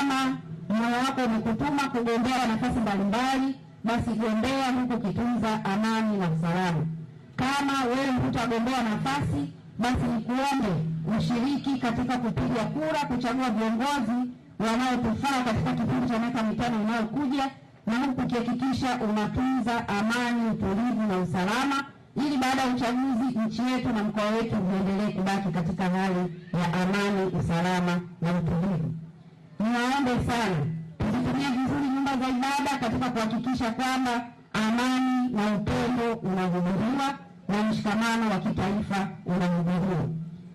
kama moyo wako umekutuma kugombea nafasi mbalimbali, basi gombea huku kitunza amani na usalama. Kama wewe hutagombea nafasi, basi nikuombe ushiriki katika kupiga kura kuchagua viongozi wanaotufaa katika kipindi cha miaka mitano inayokuja, na huku ukihakikisha unatunza amani, utulivu na usalama, ili baada ya uchaguzi nchi yetu na mkoa wetu viendelee kubaki katika hali ya amani, usalama tuwaombe sana tuzitumie vizuri nyumba za ibada katika kuhakikisha kwamba amani na upendo unahudhuriwa na mshikamano wa kitaifa unahudhuriwa.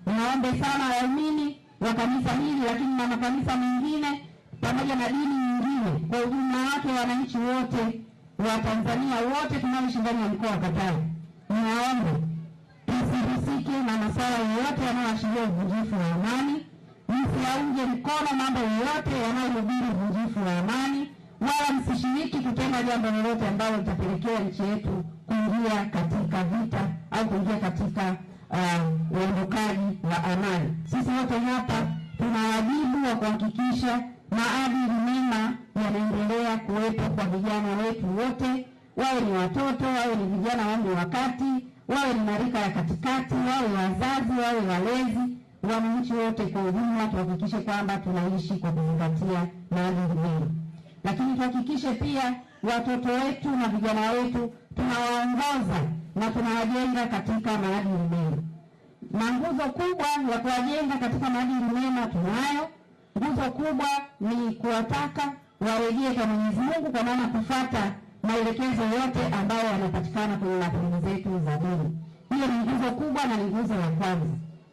Niwaombe sana waumini wa kanisa hili, lakini na makanisa mengine pamoja na dini nyingine kwa ujumla wake, wananchi wote wa Tanzania wote tunaoishi ndani ya mkoa wa Katavi, niwaombe tusihusike na masuala yoyote yanayoashiria uvunjifu wa amani yaunge mkono mambo yoyote yanayohubiri uvunjifu wa amani, wala msishiriki kutenda jambo lolote ambalo litapelekea nchi yetu kuingia katika vita au kuingia katika uh, uondokaji uh, wa amani. Sisi wote hapa tuna wajibu wa kuhakikisha maadili mema yanaendelea kuwepo kwa vijana wetu wote, wawe ni watoto, wawe ni vijana wangu wakati, wawe ni marika ya katikati, wawe wazazi, wawe walezi wananchi wote kwa ujumla tuhakikishe kwamba tunaishi kwa kuzingatia maadili mema, lakini tuhakikishe pia watoto wetu na vijana wetu tunawaongoza na tunawajenga katika maadili mema. Na nguzo kubwa ya kuwajenga katika maadili mema tunayo. Nguzo kubwa ni kuwataka warejee kwa Mwenyezi Mungu, kwa maana kufuata maelekezo yote ambayo yanapatikana kwenye lapingi zetu za dini. Hiyo ni nguzo kubwa na ni nguzo ya kwanza.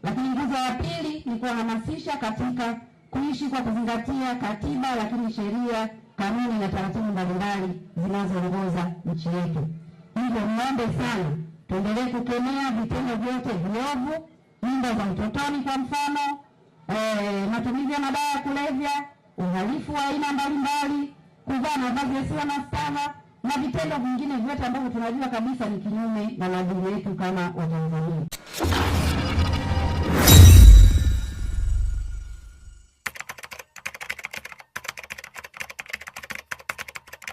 Lakini nguzo ya pili ni kuwahamasisha katika kuishi kwa kuzingatia katiba, lakini sheria, kanuni na taratibu mbalimbali zinazoongoza nchi yetu. Hivyo niombe sana, tuendelee kukemea vitendo vyote viovu, mimba za utotoni kwa mfano, e, matumizi ya madawa ya kulevya, uhalifu wa aina mbalimbali, kuvaa mavazi yasiyo na staha na vitendo vingine vyote ambavyo tunajua kabisa ni kinyume na maadili yetu kama Watanzania.